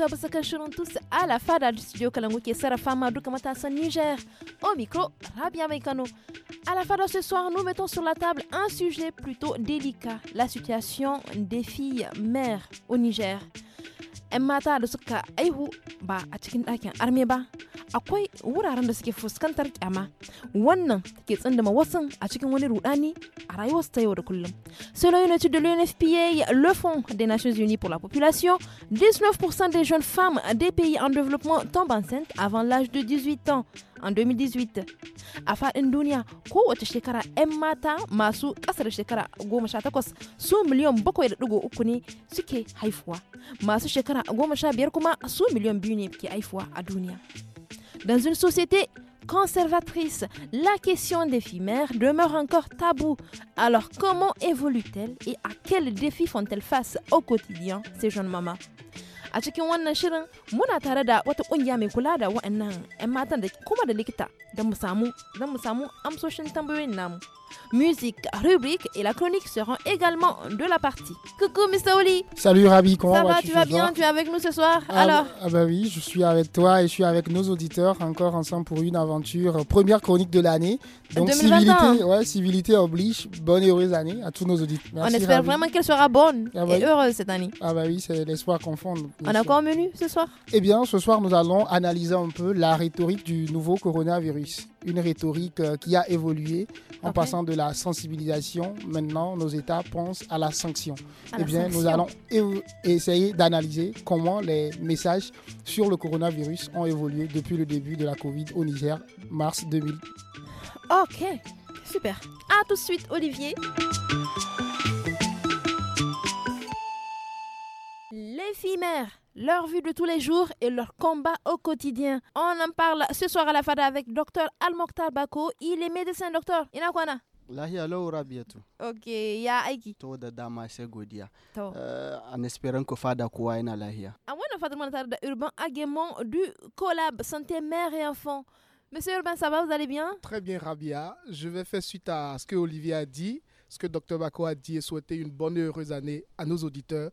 sa bisa kan shirin tous à la fin da studio Kalangu ke sarrafa ma duka Niger. Au micro, Rabia Mekano. À la de ce soir, nous mettons sur la table un sujet plutôt délicat, la situation des filles mères au Niger selon une étude de l'UNFPA le fonds des Nations Unies pour la population 19% des jeunes femmes des pays en développement tombent enceintes avant l'âge de 18 ans en 2018 a faɗin duniya kowace shekara 'yan mata masu ƙasar shekara 18 su miliyan 7.3 ne suke haifuwa masu shekara 15 kuma su miliyan 2 ne ke haifuwa a duniya dans une société conservatrice, la question des filles mères demeure encore taboue. Alors comment évoluent-elles et à quels défis font-elles face au quotidien ces jeunes mamans a cikin wannan shirin muna tare da wata kungiya mai kula da waɗannan 'yan matan da kuma da likita don mu samu amsoshin tambayoyin namu musique, rubrique et la chronique seront également de la partie. Coucou Mr. Oli Salut Rabi, comment vas-tu Ça va, tu vas bien, tu es avec nous ce soir ah Alors bah, Ah bah oui, je suis avec toi et je suis avec nos auditeurs encore ensemble pour une aventure, euh, première chronique de l'année. Donc civilité, ouais, civilité oblige, bonne et heureuse année à tous nos auditeurs. On espère vraiment qu'elle sera bonne ah et heureuse cette année. Ah bah oui, c'est l'espoir qu'on fonde. On a quoi un menu ce soir Eh bien, ce soir nous allons analyser un peu la rhétorique du nouveau coronavirus une rhétorique euh, qui a évolué en passant de la sensibilisation. Maintenant, nos États pensent à la sanction. Eh bien, nous allons essayer d'analyser comment les messages sur le coronavirus ont évolué depuis le début de la Covid au Niger, mars 2000. Ok, super. À tout de suite, Olivier. L'éphémère leur vie de tous les jours et leur combat au quotidien. On en parle ce soir à la FADA avec Dr Al-Mokhtar Bako. Il est médecin docteur. Inakwana. lahiya lau rabiatu ok ya aiki to da dama sai godiya to uh, en espérant ku fada kuwa ina lahiya a ah wannan fadar mana da urban Agemon du collab santé mère et enfant monsieur urban ça va vous allez bien très bien rabia je vais faire suite à ce que olivier a dit ce que docteur bako a dit et souhaiter une bonne et heureuse année à nos auditeurs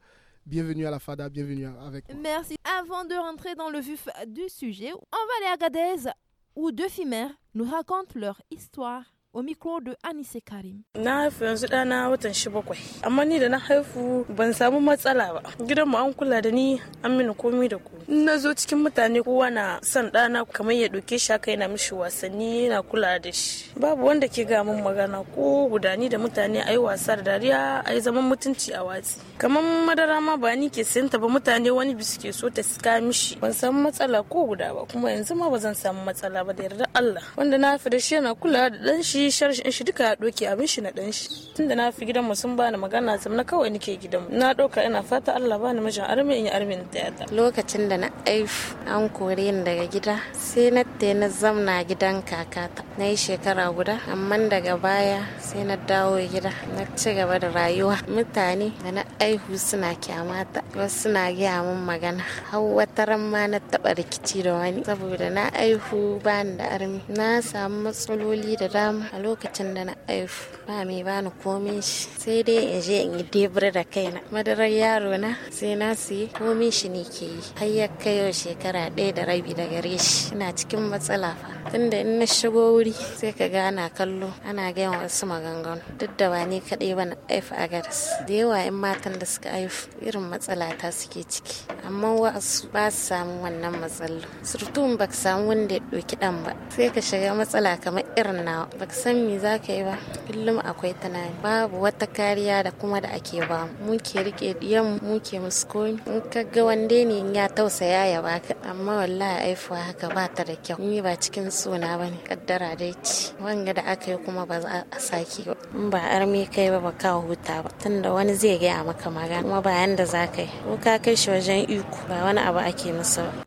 Bienvenue à la FADA, bienvenue avec Merci. Avant de rentrer dans le vif du sujet, on va aller à Gadez où deux filles nous racontent leur histoire. au micro de Anise Karim. Na haifu yanzu ɗana watan shi bakwai, amma ni da na haifu ban samu matsala ba. Gidan mu an kula da ni an mini komi da in Na zo cikin mutane kowa na son ɗana kamar ya doke shi haka yana mishi wasanni yana kula da shi. Babu wanda ke ga min magana ko gudani da mutane ayi wasa da dariya ayi zaman mutunci a watsi. Kamar madara ma ba ni ke sayanta ba mutane wani bisu ke so ta sika mishi. Ban samu matsala ko guda ba kuma yanzu ma ba zan samu matsala ba da yarda Allah. Wanda na haifu da shi yana kula da ɗan shi sharshin shi duka ya doke abin shi na dan shi tunda na fi gidanmu sun bani magana sam na kawai nake gidanmu na doka ina fata Allah bani mijin arme in yi arme da lokacin da na aif an kore ni daga gida sai na te na zamna gidan kakata na yi shekara guda amma daga baya sai na dawo gida na ci gaba da rayuwa mutane da na aihu suna kyamata wasu suna gaya min magana har wata ran ma na taba rikici da wani saboda na aihu bani da armi na samu matsaloli da dama a lokacin da na aifu ba mai bani komin shi sai dai in je in yi debur da kaina madarar yaro na sai na siyi komin shi ne ke yi har ya kai shekara ɗaya da rabi da gare shi ina cikin matsala fa tunda in na shigo wuri sai ka ga ana kallo ana gaya wasu maganganu duk da ba ni kaɗai ba na aif a garis da yawa in matan da suka aifu irin matsala ta suke ciki amma wasu ba su samu wannan matsalar surtun ba ka samu wanda ya ɗauki ɗan ba sai ka shiga matsala kamar irin nawa ba ka san me za ka yi ba kullum mu akwai tunani babu wata kariya da kuma da ake ba mu ke rike diyan mu ke muskoni. in ka ga wande ne ya tausaya ya baka amma wallahi aifuwa haka ba ta da kyau ni ba cikin suna ba ne kaddara dai ci wanga da aka yi kuma ba za a sake ba in ba armi kai ba ba ka huta ba tunda wani zai gaya maka magana kuma ba yanda za ka yi ko ka kai shi wajen iko ba wani abu ake musu ba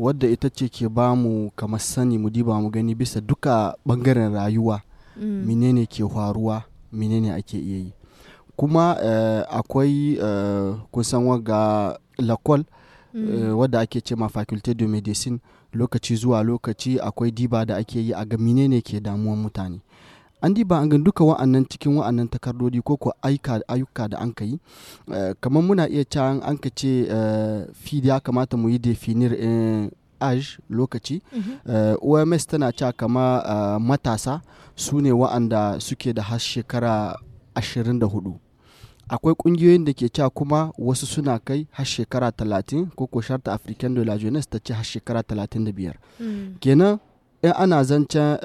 wadda ita ce ke ba mu kamar sani mu diba mu gani bisa duka bangaren rayuwa mm. menene ke faruwa menene ake iya yi kuma uh, akwai uh, eh, kusan waga lakol mm. uh, wadda ake ce ma faculty de medicine lokaci zuwa lokaci akwai diba da ake yi a ga menene ke damuwan mutane an ba an gan duka wa'annan cikin wa'annan takardodi ko ko ayyuka da an kai eh, kamar muna iya can an ka ce eh, fidi ya kamata mu yi definir eh, age lokaci mhm. oms tana ca kama matasa su ne wa'anda suke da har shekara 24 akwai kungiyoyin da ke ca kuma wasu suna kai har shekara 30 ko ko sharta african de la jeunesse ta ce har shekara 35 mm. kenan in ana zancen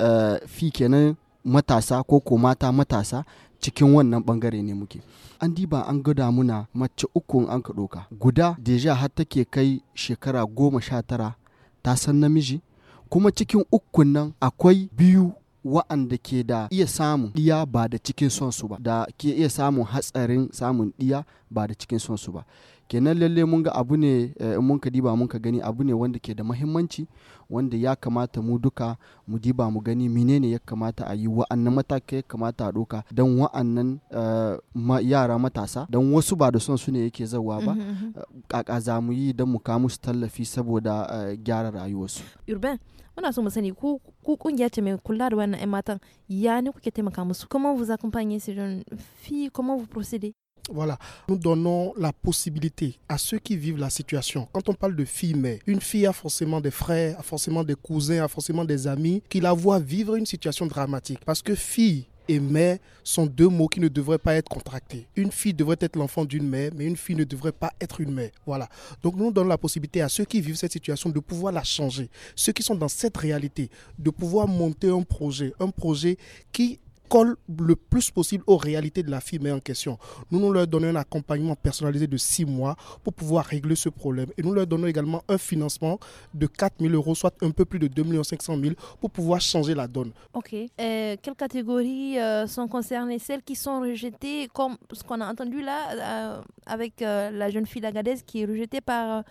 fi kenan matasa ko ko mata matasa cikin wannan bangare ne muke an diba an gada muna mace uku an ka ɗoka guda deja har take kai shekara goma sha tara ta san namiji kuma cikin ukun nan akwai biyu wa'anda ke da iya samun ɗiya ba da cikin sonsu su ba da ke iya samun hatsarin samun ɗiya ba da cikin son su ba kenan lalle mun ga abu ne eh, mun ka diba mun ka gani abu ne wanda ke da mahimmanci wanda ya kamata mu duka mu diba mu gani menene ya kamata a yi wa'annan matakai ya kamata a doka don wa'annan eh, yara matasa don wasu ba da son su ne yake zawa ba mm-hmm, mm-hmm. Eh, kaka za mu yi don mu kamu su tallafi saboda gyara rayuwarsu urban muna so mu sani ku kungiya ce mai kula da wannan 'yan matan ya ne kuke taimaka musu kuma vous accompagnez ces jeunes filles comment vous procédez Voilà, nous donnons la possibilité à ceux qui vivent la situation. Quand on parle de fille mère, une fille a forcément des frères, a forcément des cousins, a forcément des amis qui la voient vivre une situation dramatique. Parce que fille et mère sont deux mots qui ne devraient pas être contractés. Une fille devrait être l'enfant d'une mère, mais une fille ne devrait pas être une mère. Voilà. Donc nous donnons la possibilité à ceux qui vivent cette situation de pouvoir la changer. Ceux qui sont dans cette réalité, de pouvoir monter un projet, un projet qui colle le plus possible aux réalités de la fille en question. Nous, nous leur donnons un accompagnement personnalisé de six mois pour pouvoir régler ce problème. Et nous leur donnons également un financement de 4 000 euros, soit un peu plus de 2 500 000 pour pouvoir changer la donne. OK. Euh, quelles catégories euh, sont concernées Celles qui sont rejetées, comme ce qu'on a entendu là euh, avec la jeune fille d'Agadez qui est rejetée par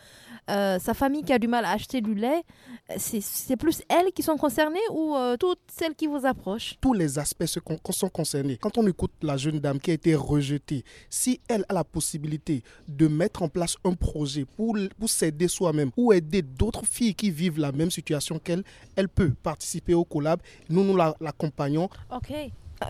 sa famille qui a du mal à acheter du lait. C'est plus elles qui sont concernées ou toutes celles qui vous approchent Tous les aspects se sont concernés. Quand on écoute la jeune dame qui a été rejetée, si elle a la possibilité de mettre en place un projet pour, pour s'aider soi-même ou aider d'autres filles qui vivent la même situation qu'elle, elle peut participer au collab. Nous, nous l'accompagnons. La, ok.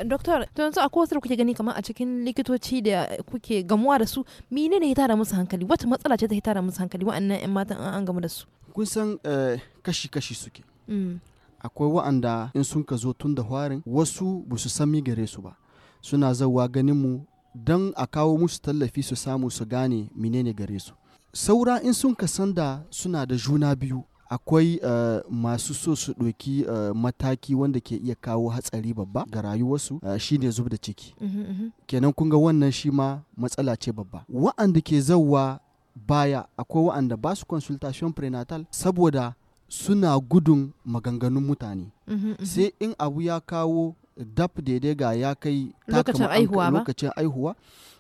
Doctor, don su akwai wasu da kuke gani kamar a cikin likitoci da kuke gamuwa da su, mene ne ya tara musu hankali? Wata matsala ce ta tara musu hankali wa'annan 'yan matan an gamu da su? Kun euh, san kashi-kashi suke. Hmm. akwai wa'anda in sun ka zo tun da hwarin wasu ba su sami gare su ba suna zauwa ganin mu don a kawo musu tallafi su samu su gane menene gare su saura in sun ka san da suna da juna biyu akwai uh, masu so su ɗoki uh, eh, mataki wanda ke iya kawo hatsari babba ga rayuwarsu uh, eh, ne zub da ciki mm -hmm. kenan kun ga wannan shi ma matsala ce babba wa'anda ke zauwa baya akwai wa'anda ba su consultation prenatal saboda suna gudun maganganun mutane mhm, mhm. sai in abu ya kawo daf daidai ga ya kai lokacin aihuwa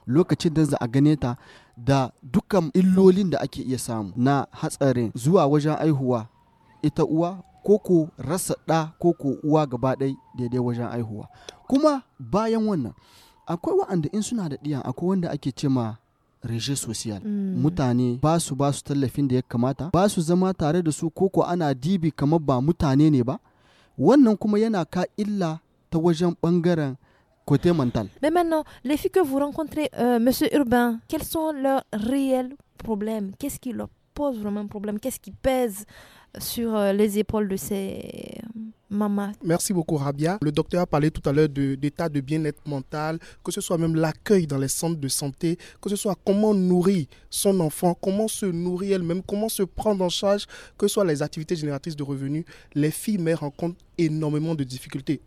lokacin da za a gane ta da dukkan illolin da ake iya samu na hatsarin zuwa wajen aihuwa ita uwa koko rasa ɗa koko uwa gaba ɗai daidai wajen aihuwa kuma bayan wannan akwai wa'anda in suna da ɗiyan akwai wanda ake cema reje social hmm. mutane ba su ba su tallafin da ya kamata ba su zama tare da su koko ana dibi kamar ba mutane ne ba wannan kuma yana ka illa ta wajen bangaren côté mental. Mais maintenant, les filles que vous rencontrez, euh, Monsieur Urbain, quels sont leurs réels problèmes Qu'est-ce qui leur pose vraiment problème Qu'est-ce qui pèse sur euh, les épaules de ces Merci beaucoup, Rabia. Le docteur a parlé tout à l'heure d'état de, bien-être mental, que ce soit même l'accueil dans les centres de santé, que ce soit comment nourrir son enfant, comment se nourrir elle-même, comment se prendre en charge, que ce soit les activités génératrices de revenus. Les filles mères rencontrent énormément de difficultés.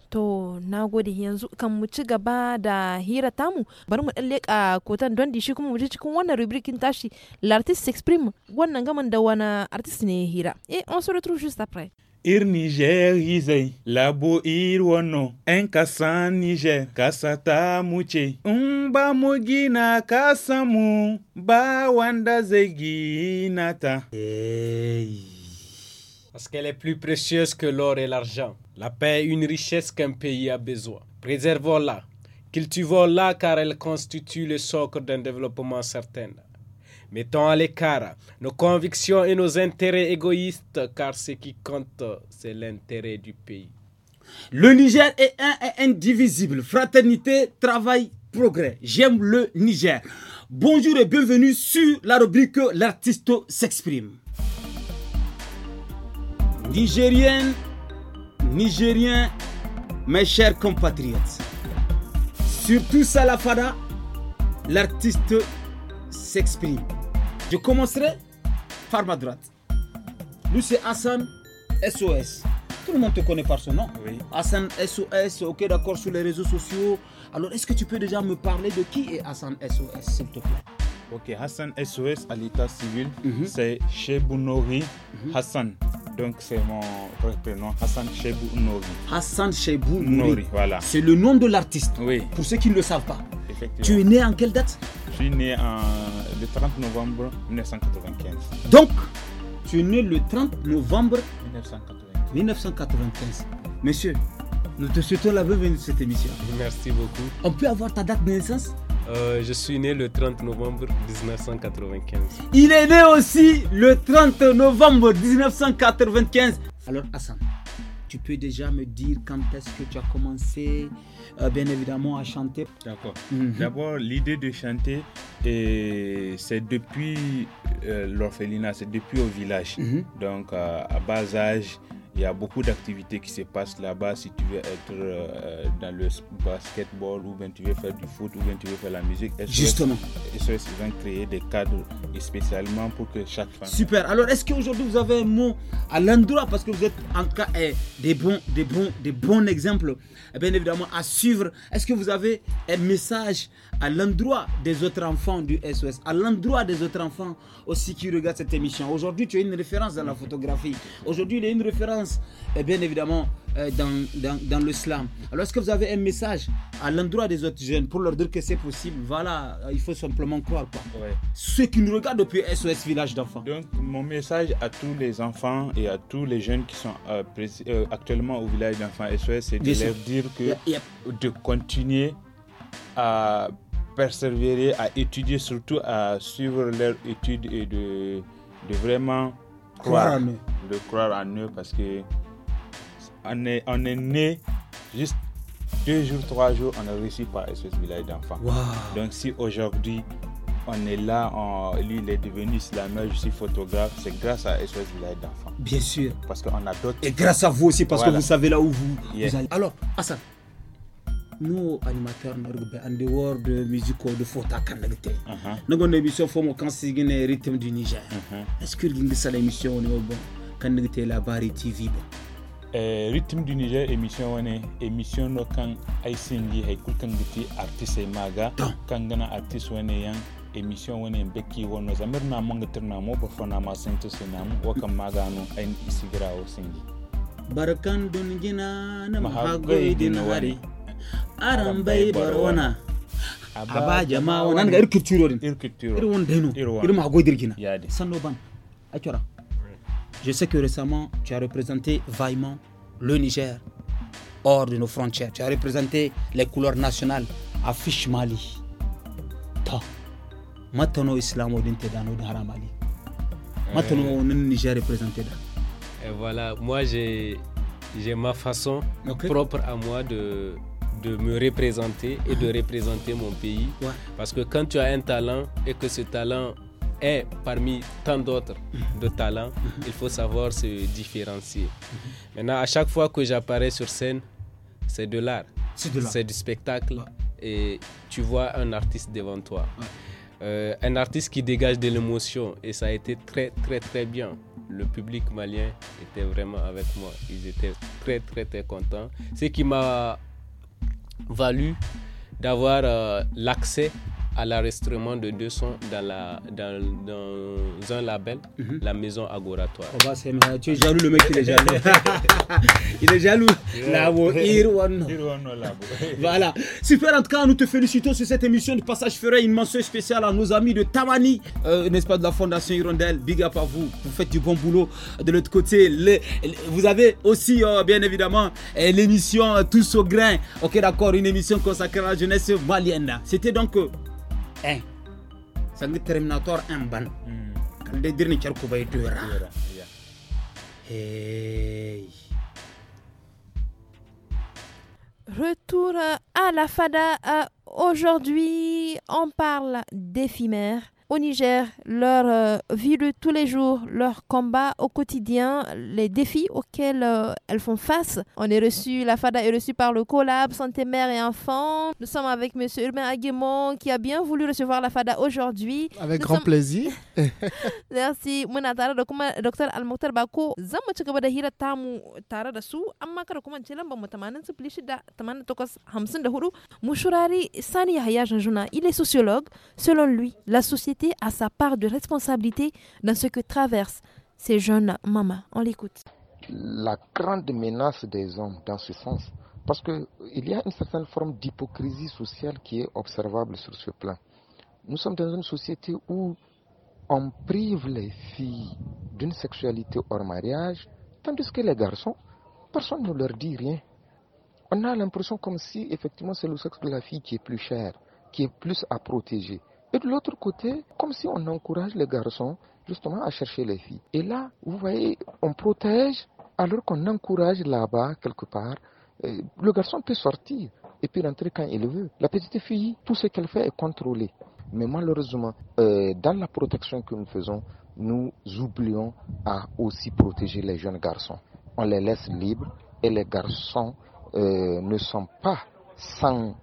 l'artiste s'exprime et eh, on se retrouve juste après ir wono niger kasata ba wanda parce qu'elle est plus précieuse que l'or et l'argent. La paix est une richesse qu'un pays a besoin. Préservons-la, cultivons-la car elle constitue le socle d'un développement certain. Mettons à l'écart nos convictions et nos intérêts égoïstes, car ce qui compte, c'est l'intérêt du pays. Le Niger est un et indivisible. Fraternité, travail, progrès. J'aime le Niger. Bonjour et bienvenue sur la rubrique L'artiste s'exprime. Nigérienne, Nigérien, mes chers compatriotes. sur Surtout Salafada, l'artiste s'exprime. Je commencerai par ma droite. Lui, c'est Hassan SOS. Tout le monde te connaît par son nom. Oui. Hassan SOS, ok, d'accord, sur les réseaux sociaux. Alors, est-ce que tu peux déjà me parler de qui est Hassan SOS, s'il te plaît Ok, Hassan SOS à l'état civil, mhm. c'est Chebounouri mhm. Hassan. Donc c'est mon prénom, Hassan Chebounouri. Hassan Chebounouri, voilà. C'est le nom de l'artiste. Oui. Pour ceux qui ne le savent pas. Tu es né en quelle date Je suis né le 30 novembre 1995. Donc, tu es né le 30 novembre 1995. Monsieur, nous te souhaitons la bienvenue de cette émission. Merci beaucoup. On peut avoir ta date de naissance euh, je suis né le 30 novembre 1995. Il est né aussi le 30 novembre 1995. Alors Hassan, tu peux déjà me dire quand est-ce que tu as commencé, euh, bien évidemment, à chanter D'accord. Mhm. D'abord, l'idée de chanter, euh, c'est depuis l'orphelinat, c'est depuis au village. Mhm. Donc, à bas âge, il y a beaucoup d'activités qui se passent là-bas. Si tu veux être euh, euh, dans le basketball, ou bien tu veux faire du foot, ou bien tu veux faire la musique, Justement. et ils ont créer des cadres spécialement pour que chaque femme. Super. Alors, est-ce qu'aujourd'hui vous avez un mot à l'endroit parce que vous êtes en cas eh, des, bons, des, bons, des bons exemples, eh bien évidemment, à suivre Est-ce que vous avez un message à l'endroit des autres enfants du SOS, à l'endroit des autres enfants aussi qui regardent cette émission. Aujourd'hui, tu as une référence dans la photographie. Aujourd'hui, il y a une référence, eh bien évidemment, euh, dans, dans, slam. slam. Alors, est-ce que vous avez un message à l'endroit des autres jeunes pour leur dire que c'est possible Voilà, euh, il faut simplement croire. Quoi. Ceux qui nous regardent depuis SOS Village d'enfants. Donc, mon message à tous les enfants et à tous les jeunes qui sont euh, actuellement au village d'enfants SOS, c'est de leur dire que de continuer à persévérer, à étudier, surtout à suivre leurs études et de, vraiment croire, de croire en eux parce que on est, on est né juste deux jours, trois jours, on a réussi par SOS Village d'enfants. Donc si aujourd'hui on est là, en lui il est devenu islamien, je suis photographe, c'est grâce à SOS Village d'enfants. Bien sûr. Parce qu'on a d'autres. Et grâce à vous aussi, parce que vous savez là où vous, allez. Alors, Hassan, nous animateurs norbe en dehors de musique de faute à canalité uh-huh. nous on émission forme quand c'est le rythme du Niger uh-huh. est-ce que vous ça l'émission on est bon quand la barre TV eh, rythme du Niger émission on est émission no kan aisingi hay kul kan giti artiste maga kan gana artiste on est émission wani beki wani zamir na manga tirna mo ba na ma sin to sin maga no magano o singi barkan dun na mahagoyi din je sais que récemment tu as représenté vaillement le Niger hors de nos frontières tu as représenté les couleurs nationales affiche Mali ta matano islamo dans te dano dara Mali matano le eh. Niger représenté da et voilà moi j'ai j'ai ma façon propre à moi de de me représenter et de représenter mon pays. Parce que quand tu as un talent et que ce talent est parmi tant d'autres mhm. de talents, mhm. il faut savoir se différencier. Mhm. Maintenant, à chaque fois que j'apparais sur scène, c'est de l'art, c'est du spectacle et tu vois un artiste devant toi. Euh, un artiste qui dégage de l'émotion et ça a été très très très bien. Le public malien était vraiment avec moi. Ils étaient très très très contents. Ce qui m'a value d'avoir euh, l'accès à l'enregistrement de deux sons dans, la, un label, mhm. la maison Agoratoire. tu es jaloux le mec, il est jaloux. il est jaloux. voilà. Super, en tout cas, nous te félicitons sur cette émission. De passage, je ferai une mention spéciale à nos amis de Tamani euh, n'est-ce pas, de la Fondation Hirondelle. Big up à vous. Vous faites du bon boulot. De l'autre côté, vous avez aussi, euh, bien évidemment, euh, l'émission Tous au grain. Ok, d'accord, une émission consacrée à la jeunesse malienne. C'était donc. 1 eh. terminator ban hmm. Retour à la fada. Euh, aujourd'hui, on parle d'éphémère, au Niger, leur euh, vie de tous les jours, leur combat au quotidien, les défis auxquels euh, elles font face. On est reçu, la FADA est reçue par le Collab Santé Mère et Enfants. Nous sommes avec M. Urbain Aguemon qui a bien voulu recevoir la FADA aujourd'hui. Avec grand plaisir. Merci. Mon docteur da kuma Dr. Bako zan da hira tamu tare da su amma kada kuma ce lambar tamana 80 06 88 54 Mouchourari Sani Yahya Janjuna, il est sociologue. Selon lui, la société à sa part de responsabilité dans ce que traversent ces jeunes mamans. On l'écoute. La grande menace des hommes dans ce sens, parce qu'il y a une certaine forme d'hypocrisie sociale qui est observable sur ce plan. Nous sommes dans une société où on prive les filles d'une sexualité hors mariage, tandis que les garçons, personne ne leur dit rien. On a l'impression comme si effectivement c'est le sexe de la fille qui est plus cher, qui est plus à protéger. Et de l'autre côté, comme si on encourage les garçons justement à chercher les filles. Et là, vous voyez, on protège alors qu'on encourage là-bas, quelque part. Le garçon peut sortir et puis rentrer quand il veut. La petite fille, tout ce qu'elle fait est contrôlé. Mais malheureusement, euh, dans la protection que nous faisons, nous oublions à aussi protéger les jeunes garçons. On les laisse libres et les garçons euh, ne sont pas sans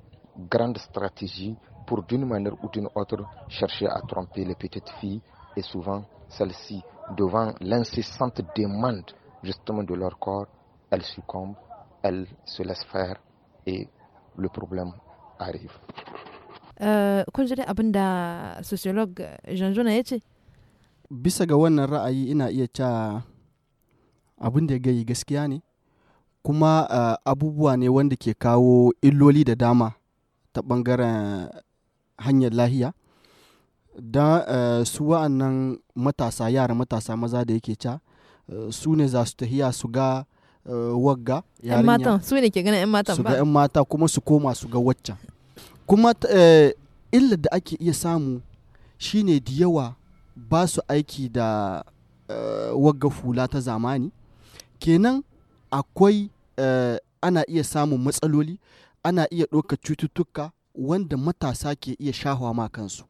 grande stratégie pour d'une manière ou d'une autre chercher à tromper les petites filles et souvent celles-ci, devant l'incessante demande justement de leur corps, elles succombent, elles se laissent faire et le problème arrive. kun ji je sociologue Jean-Jean ya ce? bisa wannan ra'ayi ina iya ca abin da gayi gaskiya ne kuma eh, abubuwa ne wanda ke kawo illoli da dama ta ɓangaren hanyar lahiya da eh, su wa'annan matasa yara matasa maza da yake ca eh, su ne za su tahiya su ga eh, wagga su ne ke gana yan matan su ga yan mata kuma su koma su ga waccan kuma illa da ake iya samu shine da yawa ba su aiki da wagga fula ta zamani kenan akwai ana iya samun matsaloli ana iya ɗaukar cututtuka wanda matasa ke iya shahawa ma kansu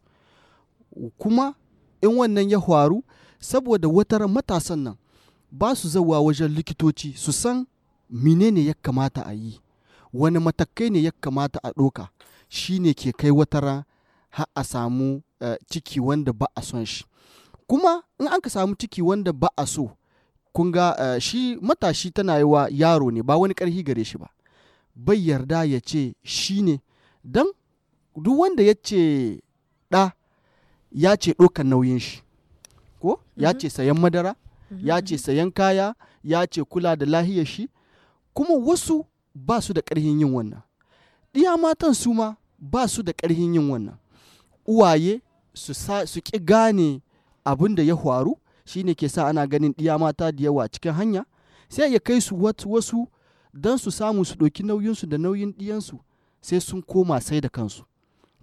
kuma in wannan ya faru saboda wata matasan nan ba su zawa wajen likitoci su san menene ya kamata a yi wani matakai ne ya kamata a ɗoka shi ke kai watara har a samu eh, ciki wanda ba a son shi kuma in an ka samu ciki wanda ba a so kun ga eh, shi matashi tana yi wa yaro ne ba wani ƙarfi gare shi ba bai yarda ya ce shi ne don duk wanda ya ce ɗa ya ce ɗokan nauyin shi ko ya mhm. ce sayan madara mhm. ya ce sayan kaya ya ce kula da lahiyar shi kuma wasu ba su da ƙarhin yin wannan ɗiya matan su ma ba su da ƙarhin yin wannan uwaye su ƙi gane abin da ya faru shine ke sa ana ganin ɗiya mata da yawa cikin hanya sai ya kai su wasu don su samu su ɗauki nauyinsu da nauyin ɗiyansu sai sun koma sai da kansu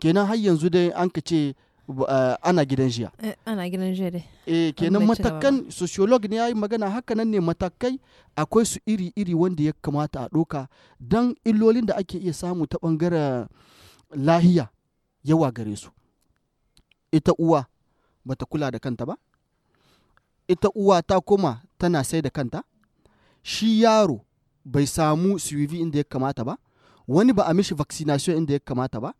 kenan har yanzu dai an ka ce eh, ana gidan jiya eh, ana gidan jiya dai eh kenan matakan sociolog ne yayi magana haka nan ne matakai akwai su iri iri wanda ya kamata a doka dan illolin da ake iya samu ta bangaren lahiya yawa gare su ita uwa bata kula da kanta ba ita uwa ta koma tana sai da kanta shi yaro bai samu suivi inda ya kamata ba wani ba a mishi vaccination inda ya kamata ba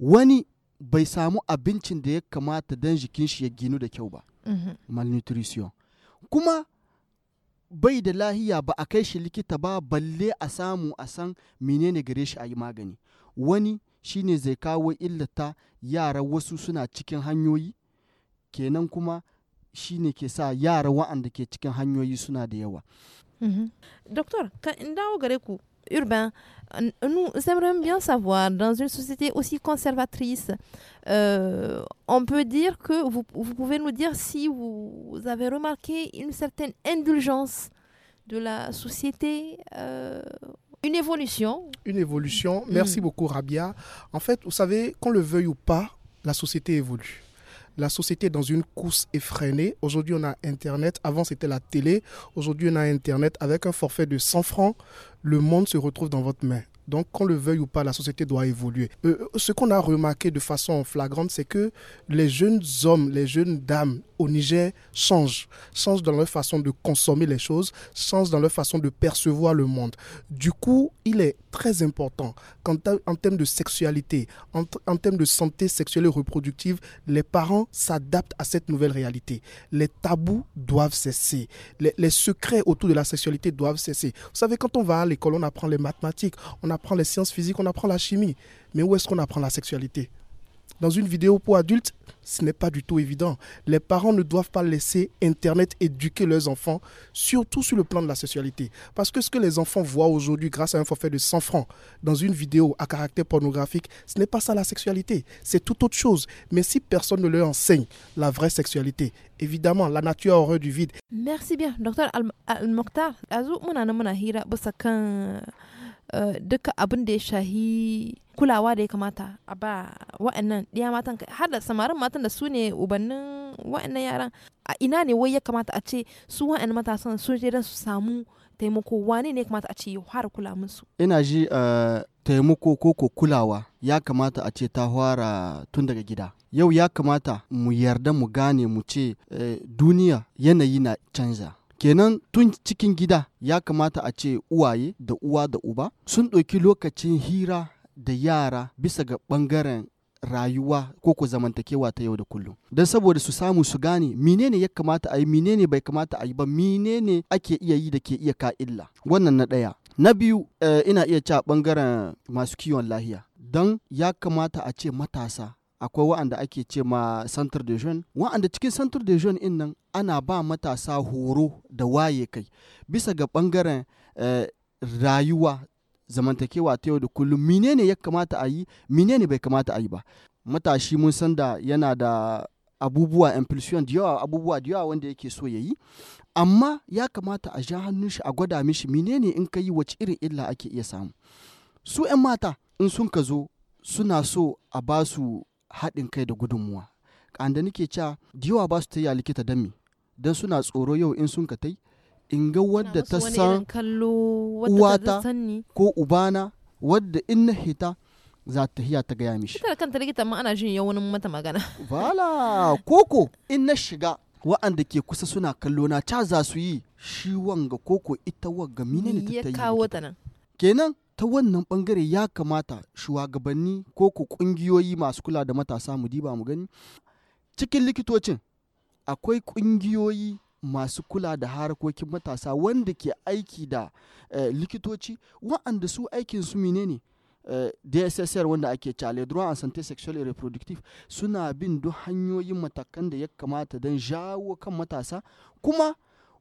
wani bai samu abincin da ya kamata don jikin shi ya ginu da kyau ba mhm. malnutrition kuma bai da lahiya ba a kai shi likita ba balle a samu a san menene gare shi a yi magani wani shine zai kawo illata yara wasu suna cikin hanyoyi kenan kuma shine ke sa yara wa'anda ke cikin hanyoyi suna da yawa. Mm -hmm. Doktor, kan in dawo gare ku urbain. Euh, nous aimerions bien savoir, dans une société aussi conservatrice, euh, on peut dire que vous, pouvez nous dire si vous avez remarqué une certaine indulgence de la société. Euh, une évolution. Une évolution. Merci mm. beaucoup, Rabia. En fait, vous savez, qu'on le veuille ou pas, la société évolue la société est dans une course effrénée. Aujourd'hui, on a Internet. Avant, c'était la télé. Aujourd'hui, on a Internet. Avec un forfait de 100 francs, le monde se retrouve dans votre main. Donc, qu'on le veuille ou pas, la société doit évoluer. Euh, ce qu'on a remarqué de façon flagrante, c'est que les jeunes hommes, les jeunes dames au Niger changent. Changent dans leur façon de consommer les choses, changent dans leur façon de percevoir le monde. Du coup, il est très important. Quand en termes de sexualité, en, termes de santé sexuelle et reproductive, les parents s'adaptent à cette nouvelle réalité. Les tabous doivent cesser. Les, les, secrets autour de la sexualité doivent cesser. Vous savez, quand on va à l'école, on apprend les mathématiques, on apprend les sciences physiques, on apprend la chimie. Mais où est-ce qu'on apprend la sexualité dans une vidéo pour adultes, ce n'est pas du tout évident. Les parents ne doivent pas laisser Internet éduquer leurs enfants, surtout sur le plan de la sexualité. Parce que ce que les enfants voient aujourd'hui grâce à un forfait de 100 francs dans une vidéo à caractère pornographique, ce n'est pas ça la sexualité, c'est tout autre chose. Mais si personne ne leur enseigne la vraie sexualité, évidemment, la nature a horreur du vide. Merci bien, docteur Al-Mokhtar. Eh, duka abin da ya shahi kulawa da ya kamata a ba wa'annan ɗiya matan har da samarin matan da su ne ubannin wa'annan yaran a ina ne wai ya kamata a ce su wa'annan matasan sun je su samu taimako wane ne ya kamata a ce ya fara kula musu ina ji eh, taimako ko ko kulawa ya kamata a ce ta fara tun daga gida yau ya kamata mu yarda mu gane mu ce eh, duniya yanayi na canza kenan tun cikin gida ya kamata a ce uwaye da uwa da uba sun ɗauki lokacin hira da yara bisa ga ɓangaren rayuwa ko ku zamantakewa ta yau da kullum don saboda su samu su gane menene ya kamata a yi menene bai kamata a yi ba menene ake iya yi da ke iya ka illa wannan na ɗaya na biyu eh, ina iya cewa ɓangaren masu kiwon lahiya don ya kamata a ce matasa akwai wa'anda ake ce ma santar de jeune wa'anda cikin santar de jeune in nan ana ba matasa horo da waye kai bisa ga bangaren eh, rayuwa zamantakewa ta yau da kullum menene ya kamata a yi menene bai kamata a yi ba matashi mun san da yana da abubuwa impulsion da yawa abubuwa da yawa wanda yake so ya yi amma ya kamata a ja hannun shi a gwada mishi menene in ka yi wace irin illa ake iya samu su 'yan mata in sun ka zo suna so a ba su haɗin kai da gudunmuwa kan da nake cewa diwa ba su ta yi a likita dami don suna tsoro yau in sun ka tai in ga wadda ta san uwata ko ubana wadda in na hita za ta hiya ta gaya mishi. Ita kanta likitan ma ana jin yawanin mata magana. Bala koko in na shiga wa'anda ke kusa suna kallo na ca za su yi shi wanga koko ita wa mine ne ta yi. Ya kawo ta nan. Kenan ta wannan bangare ya kamata shugabanni ko ku kungiyoyi masu kula da matasa mu diba mu gani cikin likitocin akwai kungiyoyi masu kula da harkokin matasa wanda ke aiki da eh, likitoci wa'anda su aikin su menene ne. Eh, DSSR wanda ake cale droit en santé sexuelle et reproductive suna bin duk hanyoyin matakan da ya kamata don jawo kan matasa kuma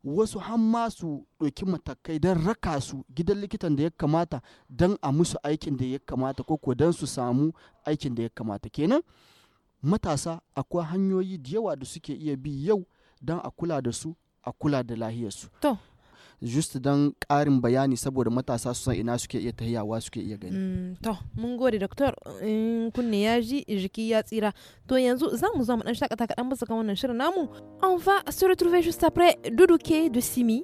wasu hamma su ɗauki matakai don raka su gidan likitan da ya kamata don a musu aikin da ya kamata ko ko don su samu aikin da ya kamata kenan matasa akwai hanyoyi da yawa da suke iya bi yau don a kula da su a kula da lahiyarsu. To, just don karin bayani saboda matasa su san ina suke iya tahiyawa suke iya gani. Mm, to mun gode doktor in kunne ya ji jiki ya tsira to yanzu za mu zo mu dan shakata kaɗan bisa kan wannan shirin namu on va se retrouver juste après Duduke de Simi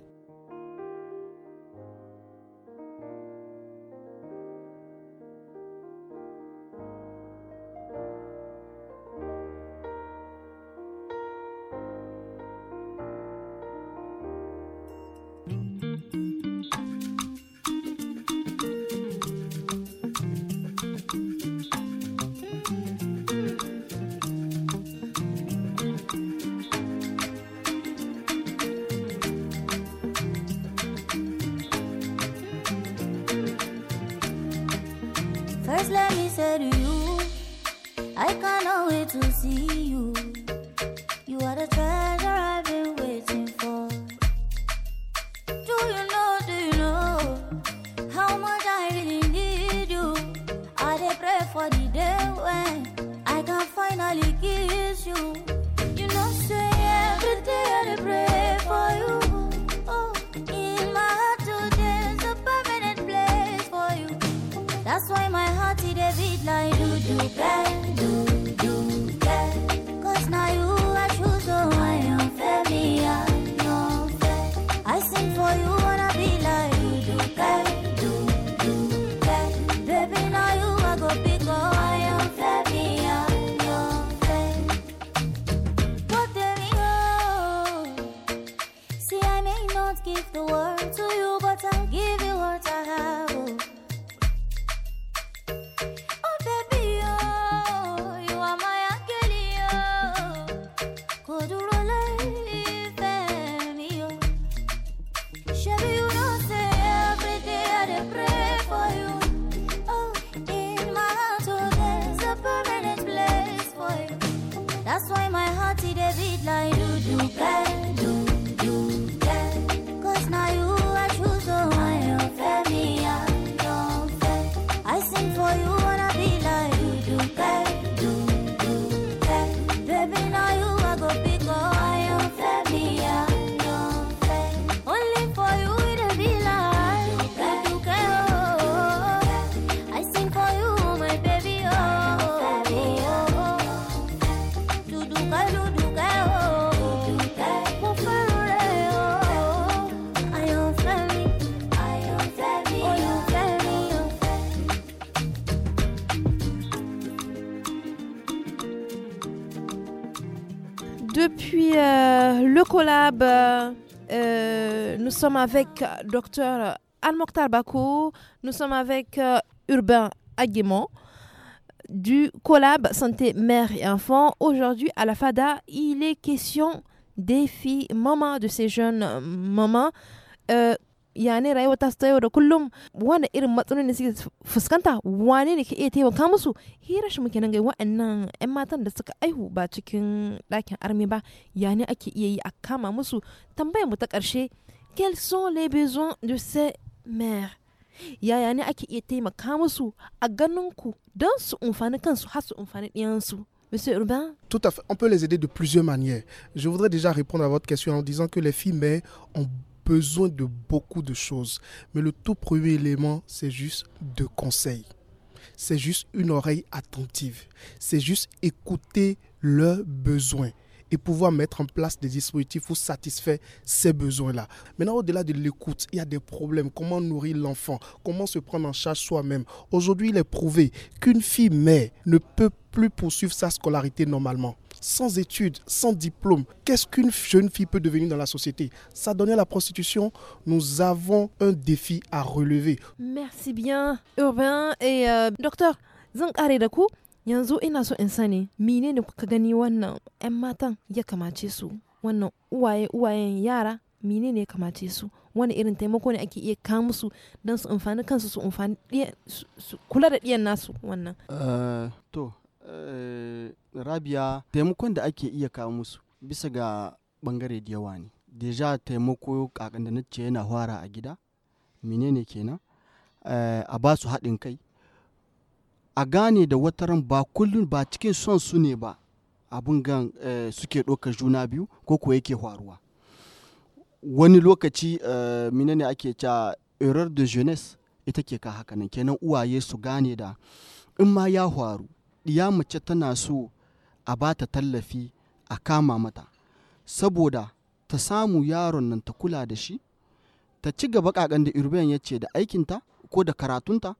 salut. collab, euh, euh, nous sommes avec docteur Al-Mokhtar Bakou, nous sommes avec euh, Urbain Aguémon du collab Santé Mère et Enfant. Aujourd'hui, à la FADA, il est question des filles mamans, de ces jeunes mamans ya ne rayuwa ta ta yau da kullum wannan irin da suke fuskanta wane ne ke iya taimaka musu hira shi muke nan ga wa'annan yan matan da suka aihu ba cikin ɗakin armi ba ya ne ake iya yi a kama musu tambayar mu ta ƙarshe quels sont les besoins de ces mères ya ne ake iya taimaka musu a ganin ku don su umfani kansu har su amfani ɗiyansu Monsieur Urbain Tout à fait. On peut les aider de plusieurs manières. Je voudrais déjà répondre à votre question en disant que les filles mères ont besoin de beaucoup de choses. Mais le tout premier élément, c'est juste de conseils. C'est juste une oreille attentive. C'est juste écouter leurs besoins et pouvoir mettre en place des dispositifs pour satisfaire ces besoins-là. Maintenant, au-delà de l'écoute, il y a des problèmes. Comment nourrir l'enfant Comment se prendre en charge soi-même Aujourd'hui, il est prouvé qu'une fille mère ne peut plus poursuivre sa scolarité normalement sans études, sans diplôme. Qu'est-ce qu'une jeune fille peut devenir dans la société Ça à la prostitution. Nous avons un défi à relever. Merci bien, Urbain et euh, docteur. yanzu ina so in sani menene kuka gani wannan 'yan matan ya kamace su wannan uwaye uwayen yara ne ya kamace su wani irin taimako ne ake iya kawo musu don su amfani kansu su amfani kula da ɗiyan nasu wannan euh, to Eh, rabia taimakon da ake iya kawo musu bisa ga bangare da yawa ne deja taimako kakan da nace yana fara a gida menene kenan eh, a ba su haɗin kai a gane da wataran ba kullum ba cikin son su ne ba abin gan eh, suke ɗaukar juna biyu ko ko yake faruwa wani lokaci menene ake ca erreur de jeunesse ita ke ka haka nan kenan uwaye su gane da in ma ya faru ɗiya mace tana so a ba ta tallafi a kama mata saboda ta samu yaron nan ta kula da shi ta ci gaba kakan da irbiyan ya ce da aikinta ko da karatunta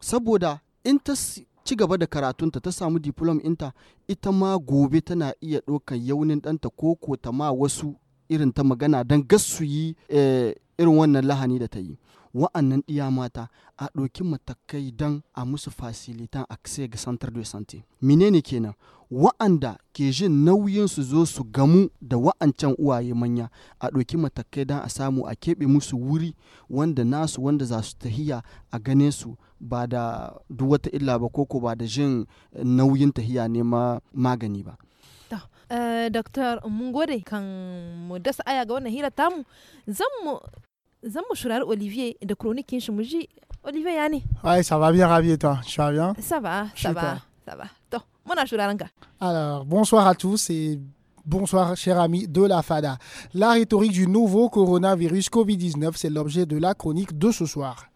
saboda in ta ci gaba da karatunta ta samu diplom inta ita ma gobe tana iya ɗaukar yaunin ɗanta ko ko ta ma wasu irin ta magana don gassu yi eh, irin wannan lahani da ta yi wa'annan ɗiya mata a ɗauki matakai don a musu fasilitan a kasai ga santar da mine menene kenan wa'anda ke jin nauyin su zo su gamu da wa'ancan uwaye manya a ɗauki matakai don a samu a keɓe musu wuri wanda nasu wanda za su tahiya a gane su ba da duk wata illa ba koko ba da jin nauyin tahiya ne ma magani ba Uh, eh, Dr. Mungode kan mu dasa aya ga wannan hira tamu zan mu Je olivier de Chronique olivier a ni. ouais ça va bien Ravi toi tu vas bien ça va ça va ça va alors bonsoir à tous et Bonsoir, chers amis de la FADA. La rhétorique du nouveau coronavirus Covid-19, c'est l'objet de la chronique de ce soir.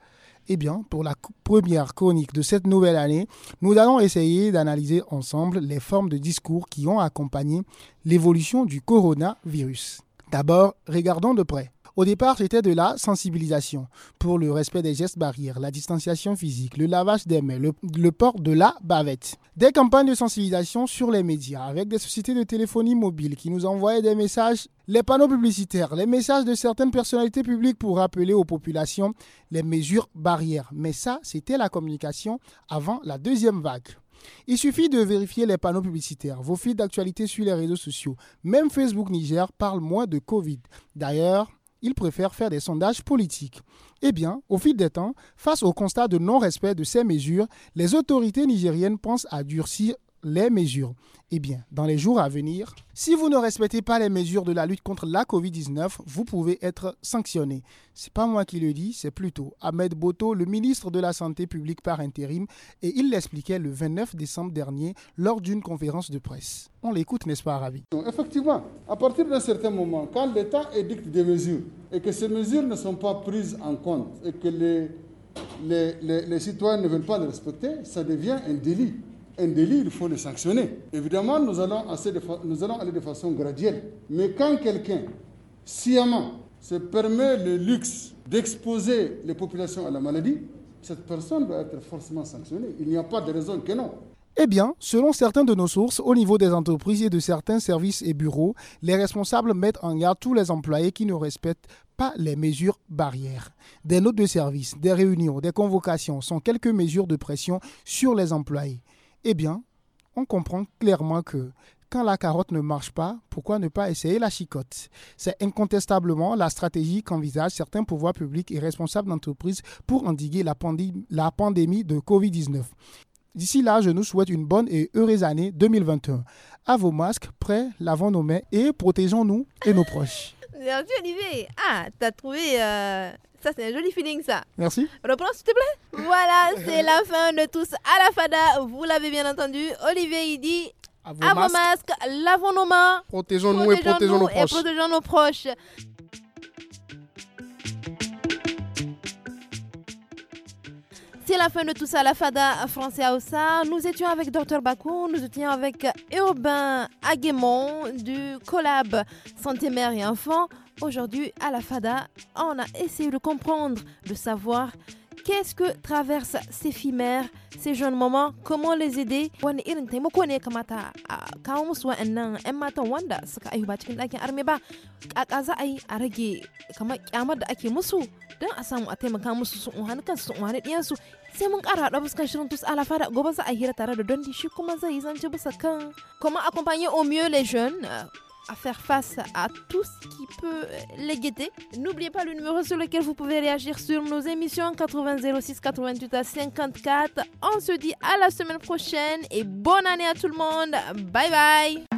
Eh bien, pour la première chronique de cette nouvelle année, nous allons essayer d'analyser ensemble les formes de discours qui ont accompagné l'évolution du coronavirus. D'abord, regardons de près. Au départ, c'était de la sensibilisation pour le respect des gestes barrières, la distanciation physique, le lavage des mains, le, port de la bavette. Des campagnes de sensibilisation sur les médias avec des sociétés de téléphonie mobile qui nous envoyaient des messages les panneaux publicitaires, les messages de certaines personnalités publiques pour rappeler aux populations les mesures barrières. Mais ça, c'était la communication avant la deuxième vague. Il suffit de vérifier les panneaux publicitaires, vos fils d'actualité sur les réseaux sociaux. Même Facebook Niger parle moins de Covid. D'ailleurs, ils préfèrent faire des sondages politiques. Eh bien, au fil des temps, face au constat de non-respect de ces mesures, les autorités nigériennes pensent à durcir les mesures. Eh bien, dans les jours à venir, si vous ne respectez pas les mesures de la lutte contre la Covid-19, vous pouvez être sanctionné. C'est pas moi qui le dis, c'est plutôt Ahmed Boto, le ministre de la Santé publique par intérim, et il l'expliquait le 29 décembre dernier lors d'une conférence de presse. On l'écoute, n'est-ce pas, Ravi Effectivement, à partir d'un certain moment, quand l'État édicte des mesures et que ces mesures ne sont pas prises en compte et que les, les citoyens ne veulent pas les respecter, ça devient un délit un délit, il faut le sanctionner. Évidemment, nous allons, aller de façon graduelle. Mais quand quelqu'un, sciemment, se permet le luxe d'exposer les populations à la maladie, cette personne doit être forcément sanctionnée. Il n'y a pas de raison que non. Eh bien, selon certains de nos sources, au niveau des entreprises et de certains services et bureaux, les responsables mettent en garde tous les employés qui ne respectent pas les mesures barrières. Des notes de service, des réunions, des convocations sont quelques mesures de pression sur les employés eh bien, on comprend clairement que quand la carotte ne marche pas, pourquoi ne pas essayer la chicotte C'est incontestablement la stratégie qu'envisagent certains pouvoirs publics et responsables d'entreprises pour endiguer la, pandémie, de Covid-19. D'ici là, je nous souhaite une bonne et heureuse année 2021. À vos masques, prêts, lavons nos mains et protégeons-nous et nos proches. Merci Olivier. Ah, t'as trouvé euh, ça, c'est un joli feeling, ça. Merci. Reprends, s'il te plaît. Voilà, c'est la fin de tous à la fada. Vous l'avez bien entendu. Olivier, il dit à masque. lavons nos mains. Protégeons-nous et protégeons nos, proches. protégeons nos proches. C'est la fin de tous à la Fada Français Ossa. Nous étions avec Dr Bakou, nous étions avec Urbain Aguémon du Collab Santé Mère et Enfants. Aujourd'hui, à la FADA, on a essayé de comprendre, de savoir qu'est-ce que traverse ces femmes, ces jeunes moments comment les aider. Wani irin taimako ne kamata a kawo musu wa'annan 'yan matan wanda suka aihu ba cikin ɗakin arme ba, ƙaƙa za a yi a rage kamar kyamar da ake musu don a samu a taimaka musu su unhani kansu su unhani ɗiyansu. Sai mun ƙara haɗa fuskan shirin tus alafa da gobe za a hira tare da dondi shi kuma zai yi zance bisa kan comment accompagner au mieux les jeunes euh, à faire face à tout ce qui peut les guetter. N'oubliez pas le numéro sur lequel vous pouvez réagir sur nos émissions 80 88 à 54. On se dit à la semaine prochaine et bonne année à tout le monde. Bye bye.